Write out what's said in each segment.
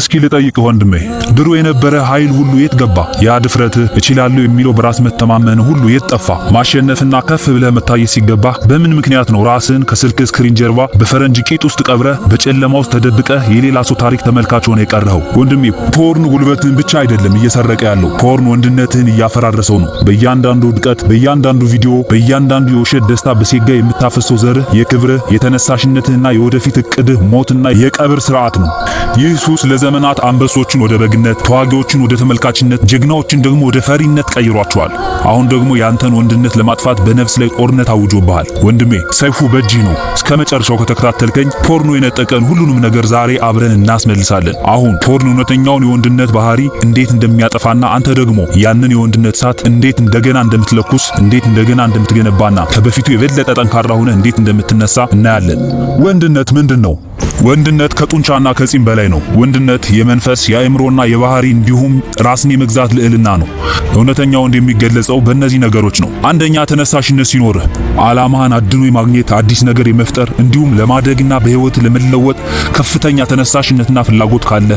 እስኪ ልጠይቅህ ወንድሜ፣ ድሮ የነበረ ኃይል ሁሉ የት ገባ? ያ ድፍረት፣ እችላለሁ የሚለው በራስ መተማመን ሁሉ የት ጠፋ? ማሸነፍና ከፍ ብለህ መታየት ሲገባ በምን ምክንያት ነው ራስን ከስልክ ስክሪን ጀርባ በፈረንጅ ቂጥ ውስጥ ቀብረ በጨለማ ውስጥ ተደብቀ የሌላ ሰው ታሪክ ተመልካች ሆነ የቀረኸው? ወንድሜ፣ ፖርን ጉልበትን ብቻ አይደለም እየሰረቀ ያለው፣ ፖርን ወንድነትህን እያፈራረሰው ነው። በእያንዳንዱ ውድቀት፣ በእያንዳንዱ ቪዲዮ፣ በእያንዳንዱ የውሸት ደስታ በሴጋ የምታፈሰው ዘርህ፣ የክብርህ፣ የተነሳሽነትህና የወደፊት እቅድህ ሞትና የቀብር ስርዓት ነው። ይህ ሱስ ለዘመናት አንበሶችን ወደ በግነት፣ ተዋጊዎችን ወደ ተመልካችነት፣ ጀግናዎችን ደግሞ ወደ ፈሪነት ቀይሯቸዋል። አሁን ደግሞ ያንተን ወንድነት ለማጥፋት በነፍስ ላይ ጦርነት አውጆብሃል። ወንድሜ ሰይፉ በእጅህ ነው። እስከ መጨረሻው ከተከታተልከኝ ፖርኖ የነጠቀን ሁሉንም ነገር ዛሬ አብረን እናስመልሳለን። አሁን ፖርኖ እውነተኛውን የወንድነት ባህሪ እንዴት እንደሚያጠፋና አንተ ደግሞ ያንን የወንድነት እሳት እንዴት እንደገና እንደምትለኩስ እንዴት እንደገና እንደምትገነባና ከበፊቱ የበለጠ ጠንካራ ሆነ እንዴት እንደምትነሳ እናያለን። ወንድነት ምንድን ነው? ወንድነት ከጡንቻና ከጺም በላይ ነው። ወንድነት የመንፈስ የአእምሮና የባህሪ እንዲሁም ራስን የመግዛት ልዕልና ነው። እውነተኛ ወንድ የሚገለጸው በእነዚህ ነገሮች ነው። አንደኛ ተነሳሽነት ሲኖርህ ዓላማህን አድኖ የማግኘት አዲስ ነገር የመፍጠር እንዲሁም ለማደግና በህይወት ለመለወጥ ከፍተኛ ተነሳሽነትና ፍላጎት ካለ።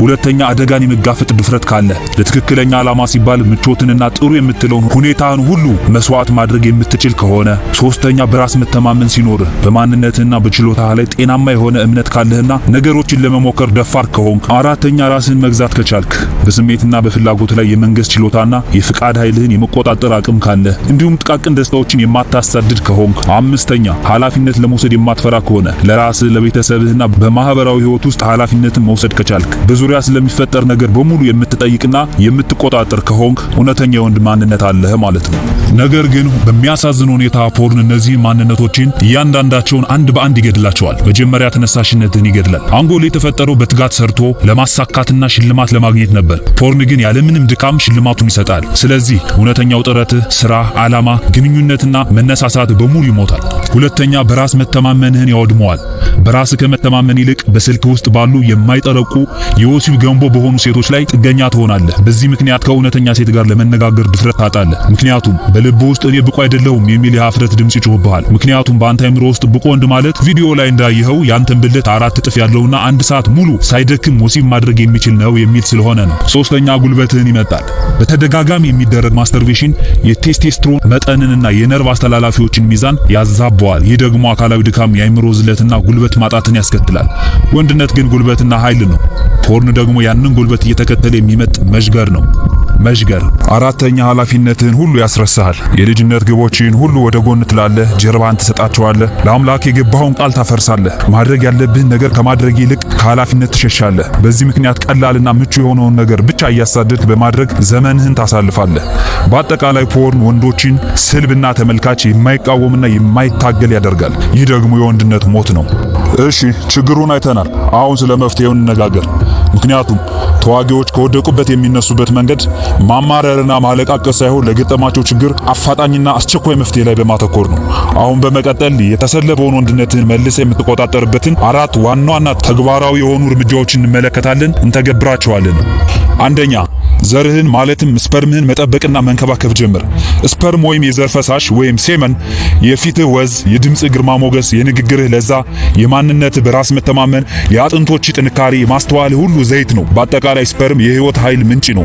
ሁለተኛ አደጋን የመጋፈጥ ድፍረት ካለ። ለትክክለኛ ዓላማ ሲባል ምቾትንና ጥሩ የምትለውን ሁኔታን ሁሉ መስዋዕት ማድረግ የምትችል ከሆነ። ሶስተኛ በራስ መተማመን ሲኖርህ በማንነትና በችሎታ ላይ ጤናማ የሆነ እምነት ጀግንነት ካለህና ነገሮችን ለመሞከር ደፋር ከሆንክ፣ አራተኛ ራስህን መግዛት ከቻልክ፣ በስሜትና በፍላጎት ላይ የመንገስ ችሎታና የፍቃድ ኃይልህን የመቆጣጠር አቅም ካለህ፣ እንዲሁም ጥቃቅን ደስታዎችን የማታሳድድ ከሆንክ፣ አምስተኛ ኃላፊነት ለመውሰድ የማትፈራ ከሆነ፣ ለራስህ ለቤተሰብህና በማህበራዊ ህይወት ውስጥ ኃላፊነትን መውሰድ ከቻልክ፣ በዙሪያ ስለሚፈጠር ነገር በሙሉ የምትጠይቅና የምትቆጣጠር ከሆንክ፣ እውነተኛ የወንድ ማንነት አለህ ማለት ነው። ነገር ግን በሚያሳዝን ሁኔታ ፖርን እነዚህን ማንነቶችን እያንዳንዳቸውን አንድ በአንድ ይገድላቸዋል። መጀመሪያ ተነሳሽ ታናሽነትን ይገድላል። አንጎል የተፈጠረው በትጋት ሰርቶ ለማሳካትና ሽልማት ለማግኘት ነበር። ፖርን ግን ያለምንም ድካም ሽልማቱን ይሰጣል። ስለዚህ እውነተኛው ጥረትህ፣ ስራ፣ ዓላማ፣ ግንኙነትና መነሳሳት በሙሉ ይሞታል። ሁለተኛ፣ በራስ መተማመንህን ያወድመዋል። በራስ ከመተማመን ይልቅ በስልክ ውስጥ ባሉ የማይጠረቁ የወሲብ ገንቦ በሆኑ ሴቶች ላይ ጥገኛ ትሆናለህ። በዚህ ምክንያት ከእውነተኛ ሴት ጋር ለመነጋገር ድፍረት ታጣለህ። ምክንያቱም በልብ ውስጥ እኔ ብቁ አይደለሁም የሚል የሀፍረት ድምፅ ይጮህብሃል። ምክንያቱም በአንተ አይምሮ ውስጥ ብቁ ወንድ ማለት ቪዲዮ ላይ እንዳየኸው ያንተን ብልህ ክብደት አራት እጥፍ ያለውና አንድ ሰዓት ሙሉ ሳይደክም ወሲብ ማድረግ የሚችል ነው የሚል ስለሆነ ነው። ሶስተኛ ጉልበትህን ይመጣል። በተደጋጋሚ የሚደረግ ማስተርቤሽን የቴስቴስትሮን መጠንንና የነርቭ አስተላላፊዎችን ሚዛን ያዛበዋል። ይህ ደግሞ አካላዊ ድካም፣ የአይምሮዝለትና ዝለትና ጉልበት ማጣትን ያስከትላል። ወንድነት ግን ጉልበትና ኃይል ነው። ፖርን ደግሞ ያንን ጉልበት እየተከተለ የሚመጥ መዥገር ነው። መዥገር። አራተኛ ኃላፊነትህን ሁሉ ያስረሳሃል። የልጅነት ግቦችህን ሁሉ ወደ ጎን ትላለህ፣ ጀርባን ትሰጣቸዋለህ። ለአምላክ የገባኸውን ቃል ታፈርሳለህ። ማድረግ ያለብህን ነገር ከማድረግ ይልቅ ከኃላፊነት ትሸሻለህ። በዚህ ምክንያት ቀላልና ምቹ የሆነውን ነገር ብቻ እያሳደድክ በማድረግ ዘመንህን ታሳልፋለህ። በአጠቃላይ ፖርን ወንዶችን ስልብና ተመልካች የማይቃወምና የማይታገል ያደርጋል። ይህ ደግሞ የወንድነት ሞት ነው። እሺ ችግሩን አይተናል። አሁን ስለ መፍትሄው እንነጋገር። ምክንያቱም ተዋጊዎች ከወደቁበት የሚነሱበት መንገድ ማማረርና ማለቃቀስ ሳይሆን ለገጠማቸው ችግር አፋጣኝና አስቸኳይ መፍትሄ ላይ በማተኮር ነው። አሁን በመቀጠል የተሰለበውን ወንድነትን መልሰ የምትቆጣጠርበትን አራት ዋና ዋና ተግባራዊ የሆኑ እርምጃዎችን እንመለከታለን፣ እንተገብራቸዋለን። አንደኛ ዘርህን ማለትም ስፐርምህን መጠበቅና መንከባከብ ጀምር። ስፐርም ወይም የዘር ፈሳሽ ወይም ሴመን የፊትህ ወዝ፣ የድምፅህ ግርማ ሞገስ፣ የንግግርህ ለዛ፣ የማንነትህ በራስ መተማመን፣ የአጥንቶች ጥንካሬ፣ የማስተዋልህ ሁሉ ዘይት ነው። በአጠቃላይ ስፐርም የህይወት ኃይል ምንጭ ነው።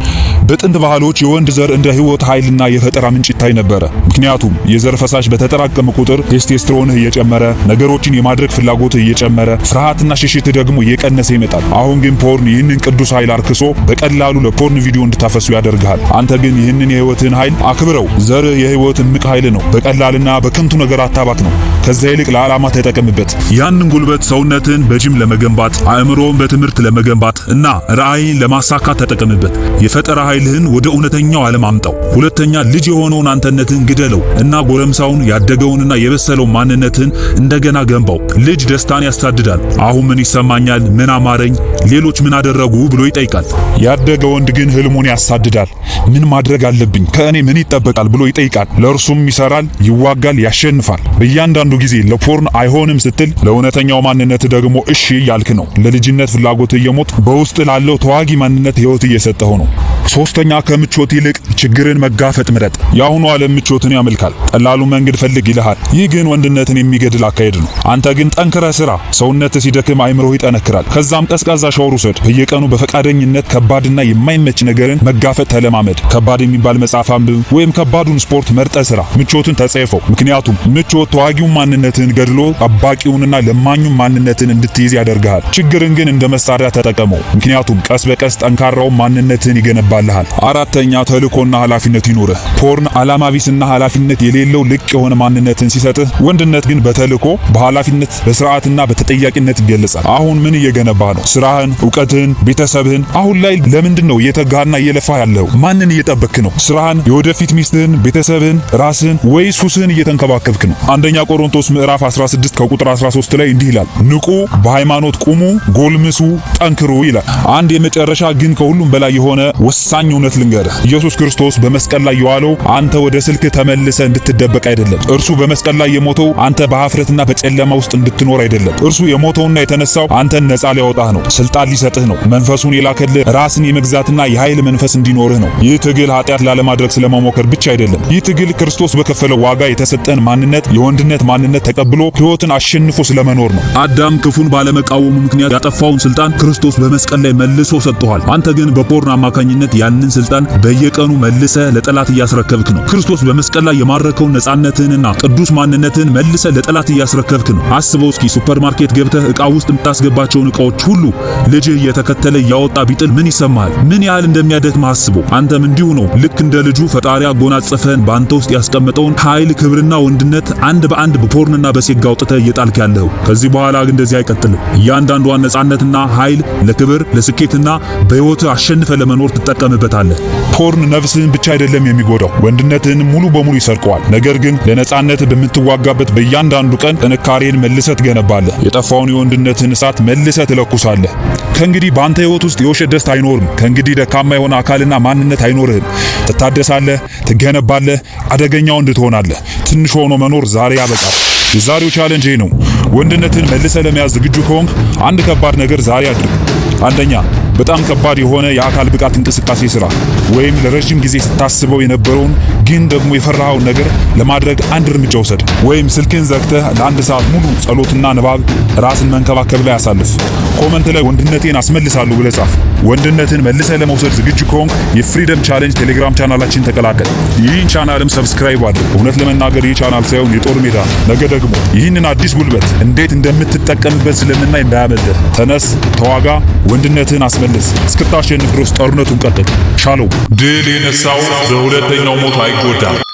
በጥንት ባህሎች የወንድ ዘር እንደ ህይወት ኃይልና የፈጠራ ምንጭ ይታይ ነበረ። ምክንያቱም የዘር ፈሳሽ በተጠራቀመ ቁጥር ቴስቴስትሮንህ እየጨመረ፣ ነገሮችን የማድረግ ፍላጎትህ እየጨመረ፣ ፍርሃትና ሽሽትህ ደግሞ እየቀነሰ ይመጣል። አሁን ግን ፖርን ይህንን ቅዱስ ኃይል አርክሶ በቀላሉ ለፖርን ቪዲዮ እንድታፈሱ ያደርግሃል። አንተ ግን ይህንን የህይወትን ኃይል አክብረው። ዘርህ የህይወት እምቅ ኃይል ነው። በቀላልና በከንቱ ነገር አታባክ ነው። ከዛ ይልቅ ለዓላማ ተጠቀምበት። ያንን ጉልበት ሰውነትን በጅም ለመገንባት፣ አእምሮን በትምህርት ለመገንባት እና ራዕይን ለማሳካት ተጠቀምበት። የፈጠራ ኃይልህን ወደ እውነተኛው ዓለም አምጣው። ሁለተኛ ልጅ የሆነውን አንተነትን ግደለው እና ጎረምሳውን ያደገውንና የበሰለው ማንነትን እንደገና ገንባው። ልጅ ደስታን ያሳድዳል። አሁን ምን ይሰማኛል? ምን አማረኝ? ሌሎች ምን አደረጉ ብሎ ይጠይቃል። ያደገ ወንድ ግን ህልሙን ያሳድዳል። ምን ማድረግ አለብኝ? ከእኔ ምን ይጠበቃል? ብሎ ይጠይቃል። ለእርሱም ይሰራል፣ ይዋጋል፣ ያሸንፋል። በእያንዳንዱ ሁሉ ጊዜ ለፖርን አይሆንም ስትል ለእውነተኛው ማንነት ደግሞ እሺ ያልክ ነው። ለልጅነት ፍላጎት እየሞት በውስጥ ላለው ተዋጊ ማንነት ህይወት እየሰጠኸው ነው። ሶስተኛ ከምቾት ይልቅ ችግርን መጋፈጥ ምረጥ። የአሁኑ ዓለም ምቾትን ያመልካል። ቀላሉ መንገድ ፈልግ ይልሃል። ይህ ግን ወንድነትን የሚገድል አካሄድ ነው። አንተ ግን ጠንክረ ስራ። ሰውነት ሲደክም አይምሮ ይጠነክራል። ከዛም ቀዝቃዛ ሻወር ውሰድ። በየቀኑ በፈቃደኝነት ከባድና የማይመች ነገርን መጋፈጥ ተለማመድ። ከባድ የሚባል መጽሐፍ አንብብ ወይም ከባዱን ስፖርት መርጠ ስራ። ምቾትን ተጸየፈው። ምክንያቱም ምቾት ተዋጊውን ማንነትን ገድሎ ጠባቂውንና ለማኙን ማንነትን እንድትይዝ ያደርግሃል። ችግርን ግን እንደ መሳሪያ ተጠቀመው። ምክንያቱም ቀስ በቀስ ጠንካራውን ማንነትን ይገነባል። ይገባልሃል። አራተኛ ተልእኮና ኃላፊነት ይኑርህ። ፖርን ዓላማ ቢስና ኃላፊነት የሌለው ልቅ የሆነ ማንነትን ሲሰጥህ፣ ወንድነት ግን በተልእኮ በኃላፊነት በስርዓትና በተጠያቂነት ይገለጻል። አሁን ምን እየገነባህ ነው? ስራህን፣ እውቀትህን፣ ቤተሰብህን። አሁን ላይ ለምንድን ነው እየተጋና እየለፋ ያለው? ማንን እየጠበክ ነው? ስራህን፣ የወደፊት ሚስትህን፣ ቤተሰብህን፣ ራስህን ወይስ ሱስህን እየተንከባከብክ ነው? አንደኛ ቆሮንቶስ ምዕራፍ 16 ከቁጥር 13 ላይ እንዲህ ይላል፣ ንቁ፣ በሃይማኖት ቁሙ፣ ጎልምሱ፣ ጠንክሩ ይላል። አንድ የመጨረሻ ግን ከሁሉም በላይ የሆነ ወሳኝ እውነት ልንገርህ፣ ኢየሱስ ክርስቶስ በመስቀል ላይ የዋለው አንተ ወደ ስልክ ተመልሰ እንድትደበቅ አይደለም። እርሱ በመስቀል ላይ የሞተው አንተ በሀፍረትና በጨለማ ውስጥ እንድትኖር አይደለም። እርሱ የሞተውና የተነሳው አንተን ነፃ ሊያወጣህ ነው፣ ስልጣን ሊሰጥህ ነው፣ መንፈሱን የላከልህ ራስን የመግዛትና የኃይል መንፈስ እንዲኖርህ ነው። ይህ ትግል ኃጢአት ላለማድረግ ስለመሞከር ብቻ አይደለም። ይህ ትግል ክርስቶስ በከፈለው ዋጋ የተሰጠን ማንነት፣ የወንድነት ማንነት ተቀብሎ ሕይወትን አሸንፎ ስለመኖር ነው። አዳም ክፉን ባለመቃወሙ ምክንያት ያጠፋውን ስልጣን ክርስቶስ በመስቀል ላይ መልሶ ሰጥቷል። አንተ ግን በፖርን አማካኝነት ያንን ስልጣን በየቀኑ መልሰ ለጠላት እያስረከብክ ነው። ክርስቶስ በመስቀል ላይ የማረከውን ነጻነትህንና ቅዱስ ማንነትህን መልሰ ለጠላት እያስረከብክ ነው። አስበው እስኪ ሱፐርማርኬት ገብተህ እቃ ውስጥ የምታስገባቸውን እቃዎች ሁሉ ልጅህ እየተከተለ እያወጣ ቢጥል ምን ይሰማሃል? ምን ያህል እንደሚያደክም አስበው። አንተም እንዲሁ ነው። ልክ እንደ ልጁ ፈጣሪ አጎናጸፈህን በአንተ ውስጥ ያስቀመጠውን ኃይል፣ ክብርና ወንድነት አንድ በአንድ በፖርንና በሴጋ አውጥተህ እየጣልክ ያለኸው። ከዚህ በኋላ ግን እንደዚህ አይቀጥልም። እያንዳንዷን ነጻነትና ኃይል ለክብር ለስኬትና በህይወት አሸንፈ ለመኖር ትጠቀም ትጠመጠምበታለህ። ፖርን ነፍስህን ብቻ አይደለም የሚጎዳው፣ ወንድነትህን ሙሉ በሙሉ ይሰርቀዋል። ነገር ግን ለነጻነት በምትዋጋበት በእያንዳንዱ ቀን ጥንካሬን መልሰህ ትገነባለህ። የጠፋውን የወንድነትህን እሳት መልሰህ ትለኩሳለህ። ከእንግዲህ በአንተ ህይወት ውስጥ የውሸት ደስታ አይኖርም። ከእንግዲህ ደካማ የሆነ አካልና ማንነት አይኖርህም። ትታደሳለህ፣ ትገነባለህ፣ አደገኛ ወንድ ትሆናለህ። ትንሽ ሆኖ መኖር ዛሬ ያበቃል። የዛሬው ቻሌንጅ ነው። ወንድነትን መልሰ ለመያዝ ዝግጁ ከሆንክ አንድ ከባድ ነገር ዛሬ አድርግ። አንደኛ በጣም ከባድ የሆነ የአካል ብቃት እንቅስቃሴ ስራ ወይም ለረጅም ጊዜ ስታስበው የነበረውን ግን ደግሞ የፈራኸውን ነገር ለማድረግ አንድ እርምጃ ውሰድ። ወይም ስልክን ዘግተህ ለአንድ ሰዓት ሙሉ ጸሎትና ንባብ ራስን መንከባከብ ላይ አሳልፍ። ኮመንት ላይ ወንድነቴን አስመልሳለሁ ብለህ ጻፍ። ወንድነትን መልሰህ ለመውሰድ ዝግጁ ከሆንክ የፍሪደም ቻሌንጅ ቴሌግራም ቻናላችን ተቀላቀል። ይህን ቻናልም ሰብስክራይብ አድርግ። እውነት ለመናገር ይህ ቻናል ሳይሆን የጦር ሜዳ ነገ ደግሞ ይህንን አዲስ ጉልበት እንዴት እንደምትጠቀምበት ስለምናይ እንዳያመልጥህ። ተነስ፣ ተዋጋ፣ ወንድነትን አስመልስ። እስክታሸንፍ ድረስ ጦርነቱን ቀጥል። ሻሎም Did in the south, though that they know what I